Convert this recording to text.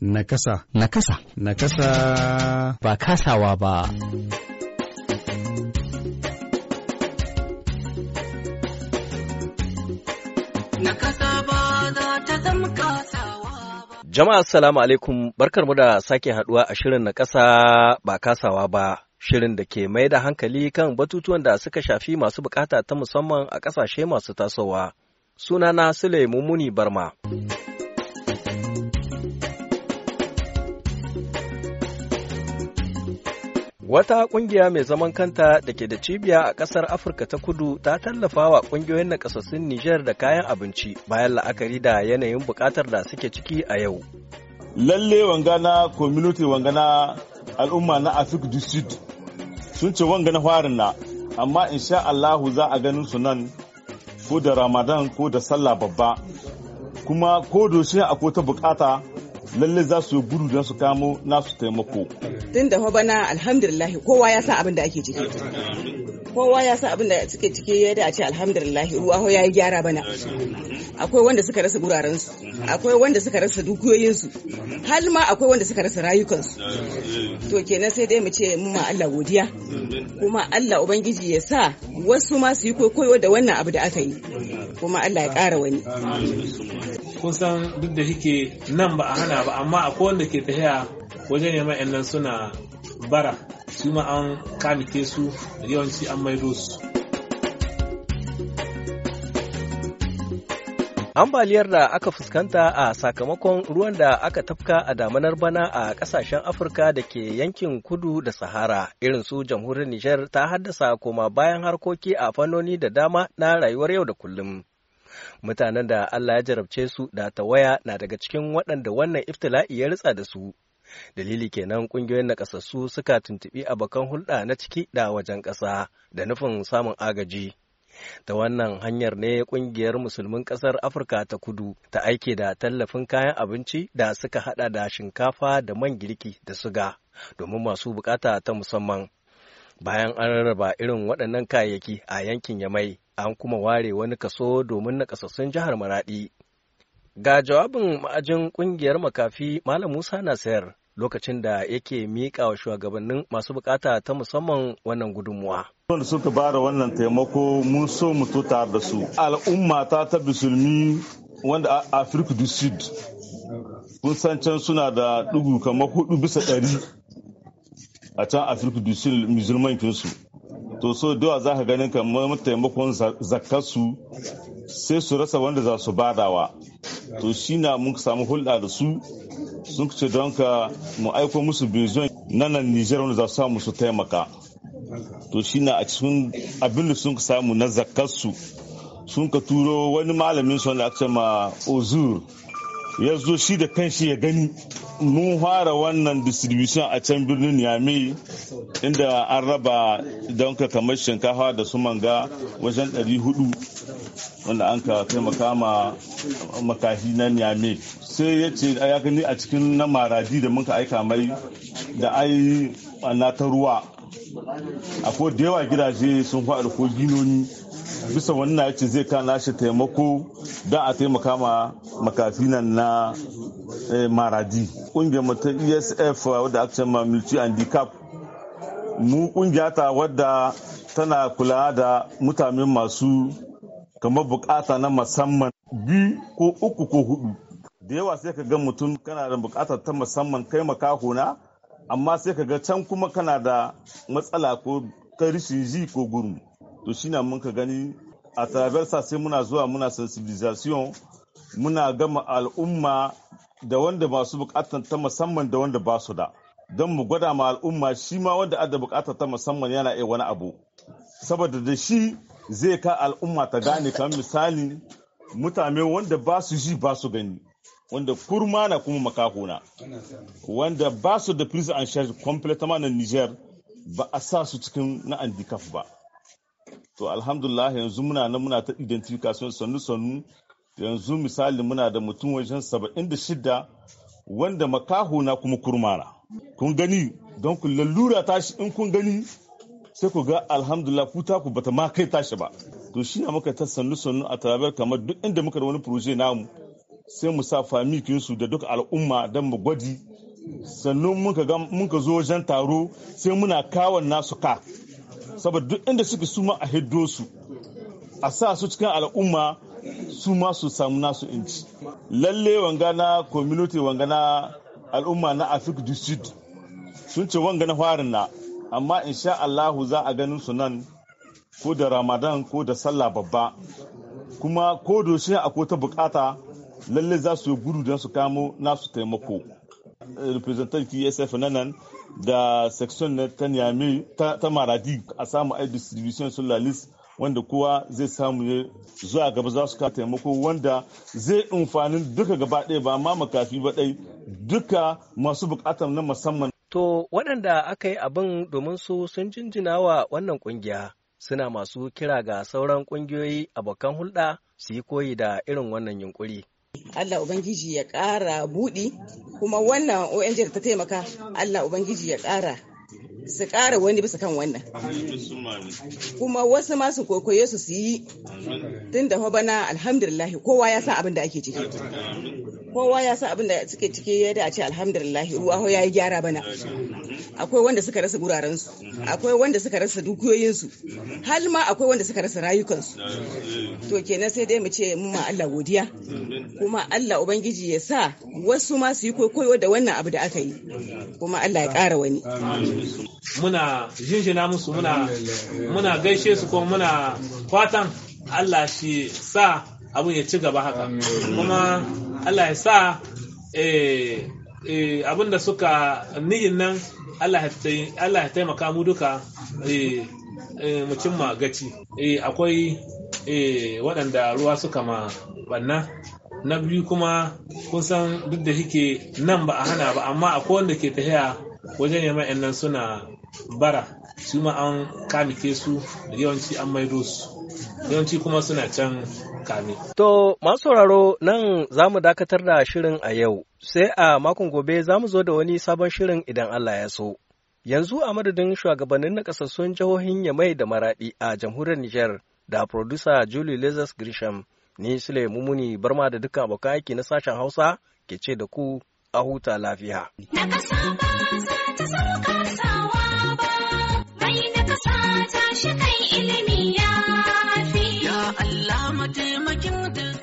Nakasa. Nakasa. Nakasa. Ba kasawa ba. Nakasa ba za ta zama kasawa ba. Jama'a Salamu alaikum barkarmu da sake haduwa a shirin na kasa ba kasawa ba. Shirin da ke mai da hankali kan batutuwan da suka shafi masu bukata ta musamman a ƙasashe masu tasowa. Sunana Sule Mumuni Barma. Wata ƙungiya mai zaman kanta da ke da cibiya a ƙasar Afirka ta kudu ta tallafa wa ƙungiyoyin naƙasassun Nijar da kayan abinci bayan la'akari da yanayin buƙatar da suke ciki a yau. Lalle wangana community wangana al'umma na Afirka du Sud sun ce wangana farin na amma insha Allahu za a ganin su nan ko da Ramadan ko da sallah babba kuma ko doshe akwai ta bukata lalle za su gudu don su kamo nasu taimako. Tun da bana alhamdulillah kowa ya san abin da ake ciki. kowa ya sa abin da suke ciki ya da a ce alhamdulillah ruwa ya yi gyara bana akwai wanda suka rasa gurarensu akwai wanda suka rasa dukiyoyinsu har ma akwai wanda suka rasa rayukansu to kenan sai dai mu ce mu ma Allah godiya kuma Allah ubangiji ya sa wasu ma su yi koyo da wannan abu da aka yi kuma Allah ya ƙara wani Kun san duk da shike nan ba a hana ba amma akwai wanda ke tafiya wajen neman 'yan suna bara su ma an kamite su da yawanci an maido su Ambaliyar da aka fuskanta a sakamakon ruwan da aka tafka a damanar bana a kasashen Afirka da ke yankin kudu da Sahara irin su jamhuriyar Nijar ta haddasa koma bayan harkoki a fannoni da dama na rayuwar yau da kullum. Mutanen da Allah ya jarabce su da tawaya na daga cikin waɗanda wannan iftila'i ya ritsa da su Dalili kenan ƙungiyoyin naƙasassu suka tuntuɓi bakan hulɗa na ciki da wajen ƙasa da nufin samun agaji. Ta wannan hanyar ne ƙungiyar musulmin ƙasar Afirka ta kudu ta aike da tallafin kayan abinci da suka haɗa da shinkafa da man girki da suga domin masu bukata ta musamman. bayan an rarraba irin waɗannan kayayyaki a yankin yamai an kuma ware wani kaso domin naƙasassun jihar maradi ga jawabin ma'ajin ƙungiyar makafi malam musa nasir lokacin da yake miƙa wa shugabannin masu bukata ta musamman wannan gudunmuwa. wanda suka bara wannan taimako mun so mu tutar da su al'umma ta ta musulmi wanda afirka du sud kun san can suna da ɗugu kamar hudu bisa ɗari a can afirka du sud musulman kinsu to so dawa za ka ganin kamar taimakon zakkarsu sai su rasa wanda za su badawa to shi na mun samu hulɗa da su sun ce don ka mu aiko musu bizon na nan nijar wanda za su samu su taimaka to shi na a cikin abin da sun samu na zakarsu sun ka turo wani malamin su wanda aka ce ma ozur ya zo shi da kanshi ya gani mun fara wannan distribution a can birnin yami inda an raba don ka kamar shinkafa da su manga wajen 400 wanda an ka taimaka ma makahi na yami sai ya ce ya gani a cikin na maradi da muka aika mai da ai na ta ruwa a da yawa gidaje sun faɗi ko ginoni bisa wannan na ce zai kana shi taimako don a taimaka ma makafi nan na eh, maradi ƙungiyar mata esf wadda aka ma milci handicap mu ƙungiya ta wadda tana kula da mutane masu kamar bukata na musamman bi ko uku ko hudu da yawa sai ka ga mutum kana da bukata ta musamman kai makahona amma sai ka ga can kuma kana da matsala ko karishin rishin ji ko gurmu to shi na mun ka gani a traversa sai muna zuwa muna sensibilisation muna gama al'umma da wanda masu bukatar ta musamman da wanda ba su da don mu gwada ma al'umma shi ma wanda ada bukatar ta musamman yana iya wani abu saboda da shi zai ka al'umma ta gane kamar misali mutane wanda ba su ji ba su gani wanda kurma na kuma makaho wanda ba su da prison and charge completely na Niger ba a sa su cikin na handicap ba to alhamdulillah yanzu muna nan muna ta identification sannu sannu yanzu misali muna da mutum wajen 76 wanda makaho kuma kurma na kun gani don ku lallura tashi in kun gani sai ku ga alhamdulillah ta ku bata ma kai tashi ba to shi na muka ta sannu sannu a tarabar kamar duk inda muka da wani proje namu sai mu sa famikinsu da duk al'umma don mu gwaji sannan muka zo wajen taro sai muna kawon nasu ka saboda duk inda suke suma a hiddo su a sa su cikin al'umma su ma su samu nasu inci lalle wanga na community wanga al'umma na afirka du sud sun ce wanga na farin na amma insha allahu za a ganin su nan ko da ramadan ko da sallah babba kuma ko doshe akwai ta bukata lalle za su gudu don su kamo nasu taimako representant tsf na nan da section na ta niyami ta maradi a samu a distribution solar list wanda kowa zai samu ya zuwa gaba za su ka taimako wanda zai amfani duka gaba ɗaya ba ma makafi ba ɗai duka masu bukatar na musamman. To waɗanda aka yi abin domin su sun jinjina wa wannan ƙungiya suna masu kira ga sauran ƙungiyoyi abokan hulɗa su yi koyi da irin wannan yunkuri. Allah Ubangiji ya ƙara buɗi kuma wannan ONG da ta taimaka Allah Ubangiji ya ƙara su ƙara wani bisa kan wannan kuma wasu masu kokoye su su yi tun da bana alhamdulillah kowa ya san abin da ake ciki kowa ya sa abin da suke ciki ya da ce alhamdulillah ruwa ya yi gyara bana akwai wanda suka rasa su. akwai wanda suka rasa dukiyoyin su. har ma akwai wanda suka rasa su. to kenan sai dai mu ce mu ma Allah godiya kuma Allah ubangiji ya sa wasu ma su yi koyo da wannan abu da aka yi kuma Allah ya ƙara wani muna jinjina musu muna muna gaishe su kuma muna fatan Allah shi sa abun ya ci gaba haka kuma Allah ya sa eh, eh, abin da suka niyin nan Allah ya taimaka mu duka eh, mu cimma gaci akwai waɗanda ruwa suka ma banna na biyu kuma kun san duk da hike nan ba a hana ba amma akwai wanda ke tafiya wajen yamma nan suna bara su ma an kamike su da yawanci an maido su yawanci kuma suna can kame. To masu sauraro nan za mu dakatar da shirin a yau sai a makon gobe za mu zo da wani sabon shirin idan Allah ya so. Yanzu a madadin shugabannin na kasassun jihohin Yamai da Maradi a jamhuriyar Nijar da producer Julie Lazarus Grisham ni Sule Mumuni Barma da dukkan abokan aiki na sashen Hausa ke ce da ku a huta lafiya. Na ba za ta tashi kai ilimi ya fi. Ya Allah mataimakin da